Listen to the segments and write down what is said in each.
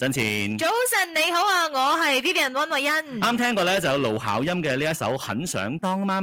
早晨，你好啊，我係 Vivian 溫慧欣。啱聽過咧，就有盧巧音嘅呢一首《很想當媽媽》。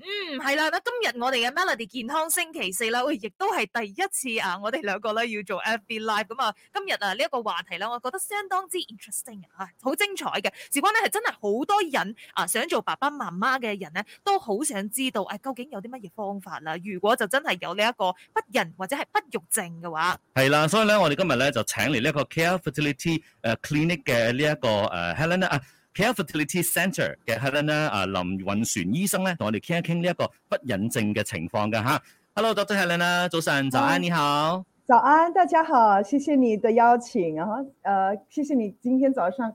嗯，係啦，咁今日我哋嘅 Melody 健康星期四啦，亦都係第一次啊，我哋兩個咧要做 F B Live 咁啊。今日啊，呢一個話題咧，我覺得相當之 interesting 啊，好精彩嘅。事關咧係真係好多人啊，想做爸爸媽媽嘅人咧，都好想知道，誒，究竟有啲乜嘢方法啦？如果就真係有呢一個不孕或者係不育症嘅話，係啦，所以咧，我哋今日咧就請嚟呢一個 Care Fertility。啲誒 clinic 嘅呢一個誒 Helena 啊，care fertility centre 嘅 Helena 啦，啊林雲璇醫生咧，同我哋傾一傾呢一個不孕症嘅情況嘅嚇。Hello，doctor Helena 啊，早晨，早安你好，早安，大家好，謝謝你的邀請，然後誒，謝謝你今天早上，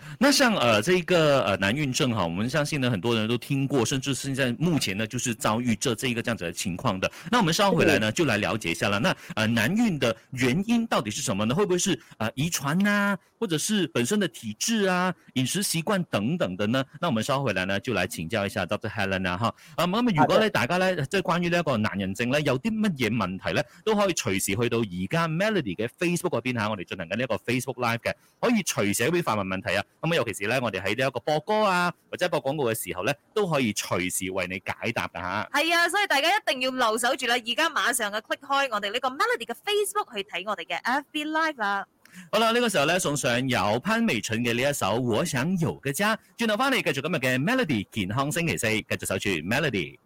那像，呃，這個，呃，難孕症哈，我們相信呢，很多人都聽過，甚至現在目前呢，就是遭遇這這一個這樣子的情況的。那我們稍後回來呢，就來了解一下啦。那，呃，難孕的原因到底是什麼呢？會不會是，呃，遺傳啊，或者是本身的體質啊、飲食習慣等等的呢？那我們稍後回來呢，就來請教一下 Dr. Helena 哈、啊。咁咁啊，如果呢，大家呢，即關於呢個難孕症呢，有啲乜嘢問題呢，都可以隨時去到而家 Melody 嘅 Facebook 嗰邊吓，我哋進行緊呢個 Facebook Live 嘅，可以隨時喺度發問問題啊。咁、嗯、啊，尤其是咧，我哋喺呢一個播歌啊，或者係播廣告嘅時候咧，都可以隨時為你解答噶吓，係啊，所以大家一定要留守住啦！而家馬上嘅 click 開我哋呢個 Melody 嘅 Facebook 去睇我哋嘅 FB Live 啦。好啦，呢、這個時候咧，送上由潘美俊嘅呢一首《我想有》嘅啫。轉頭翻嚟，繼續今日嘅 Melody 健康星期四，繼續守住 Melody。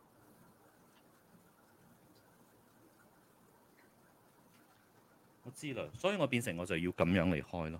我知啦，所以我變成我就要咁樣離開咯。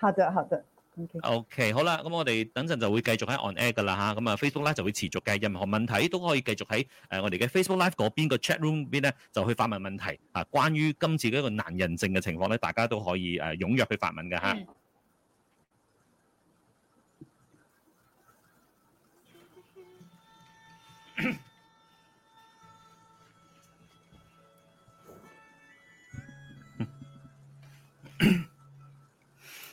下晝，下晝。OK，好啦，咁我哋等陣就會繼續喺 on air 噶啦嚇，咁啊 Facebook Live 就會持續嘅，任何問題都可以繼續喺誒我哋嘅 Facebook Live 嗰邊個 chat room 邊咧就去發問問題啊。關於今次嘅一個難人性嘅情況咧，大家都可以誒踴躍去發問嘅嚇。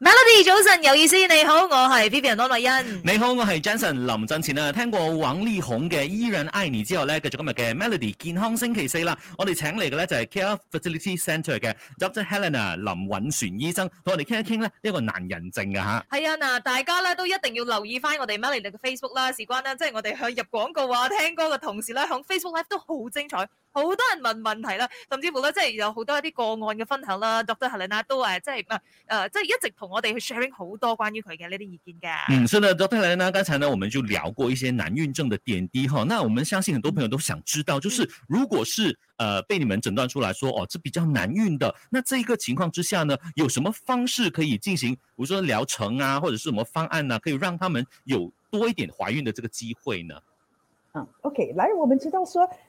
Melody，早晨有意思，你好，我係 Vivian 羅麗欣。你好，我係 Johnson。林振前啊，聽過王力宏嘅《Eternal Annie》之後咧，繼續今日嘅 Melody 健康星期四啦。我哋請嚟嘅咧就係 Care Facility Centre 嘅 Dr. Helena 林允璇醫生，同我哋傾一傾咧一個難人症嘅吓。係啊，嗱，大家咧都一定要留意翻我哋 Melody 嘅 Facebook 啦，事關咧即係我哋響入廣告啊、聽歌嘅同時咧，響 Facebook Live 都好精彩。好多人問問題啦，甚至乎呢，即係有好多一啲個案嘅分享啦。Dr、嗯、Helena 都誒，即係啊，誒、就是、即、呃、係、就是、一直同我哋去 sharing 好多關於佢嘅呢啲意見噶。嗯，所以咧，Dr Helena 剛才呢，我們就聊過一些難孕症的點滴哈。那我們相信很多朋友都想知道，就是如果是呃，被你們診斷出來說，哦，這比較難孕的，那這一個情況之下呢，有什麼方式可以進行，比如說療程啊，或者是什麼方案啊，可以讓他們有多一點懷孕的這個機會呢？嗯，OK，來，我們知道說。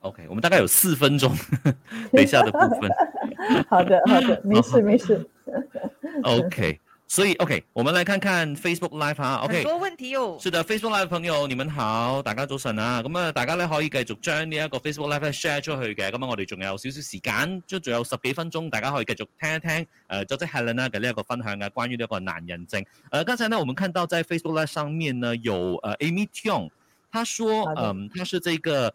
O、okay, K，我們大概有四分鐘，等 一下的部分。 好的，好的，沒事、oh, 沒事。 o、okay, K，所以 O、okay, K，我們來看看 Facebook Live 啊。O K，多問題哦。是的，Facebook Live 的朋友你們好，大家早晨啊。咁啊，大家咧可以繼續將呢一個 Facebook Live share 出去嘅。咁啊，我哋仲有少少時間，即仲有十幾分鐘，大家可以繼續聽一聽誒，周志 Helene 嘅呢一個分享啊，關於呢一個難人症。誒、呃，剛才呢，我們看到在 Facebook Live 上面呢，有誒、呃、Amy Tiong，他說，嗯、okay. 呃，他是這個。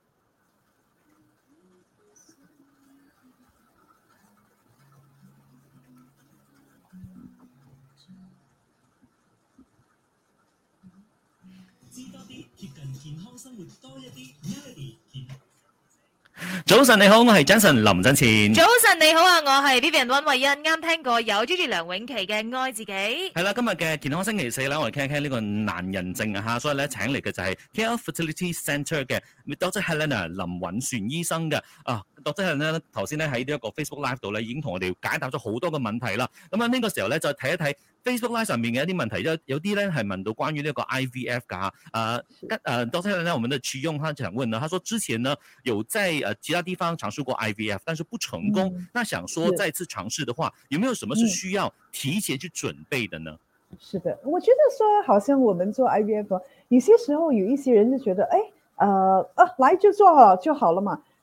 早晨你好，我係 Jason 林振前。早晨你好啊，我係 Vivian 溫慧欣，啱聽過有 Gigi 梁詠琪嘅愛自己。係啦，今日嘅健康星期四咧，我哋傾一傾呢個難人症啊，所以咧請嚟嘅就係 Care Fertility Centre 嘅 Dr Helena 林允璇醫生嘅。啊，Dr Helena 頭先咧喺呢一個 Facebook Live 度咧已經同我哋解答咗好多嘅問題啦。咁啊，呢個時候咧再睇一睇。Facebook Live 上邊嘅一啲問題咧，有啲咧係問到關於呢個 IVF 噶、呃呃，我們的，他想問呢，他說之前呢有在、呃、其他地方嘗試過 IVF，但是不成功，嗯、那想說再次嘗試的話的有沒有什麼是需要提前去準備的呢？是的，我覺得說好像我們做 IVF，有些時候有一些人就覺得，誒、欸，呃啊、來就做好就好了嘛。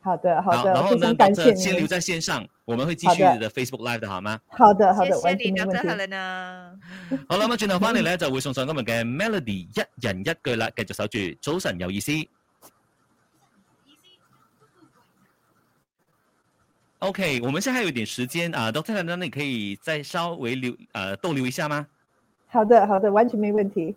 好的，好的，好，然後呢，非常感謝你，先留在線上，我們會繼續的 Facebook Live 的，好嗎？好的，好的，謝謝你，等陣好了啦。好啦轉頭返嚟呢就會送上今日嘅 Melody，一人一句啦，繼續守住早晨有意思。OK，我們現在還有一點時間啊，doctor 張你可以再稍微留，呃逗留一下嗎？好的，好的，完全沒問題。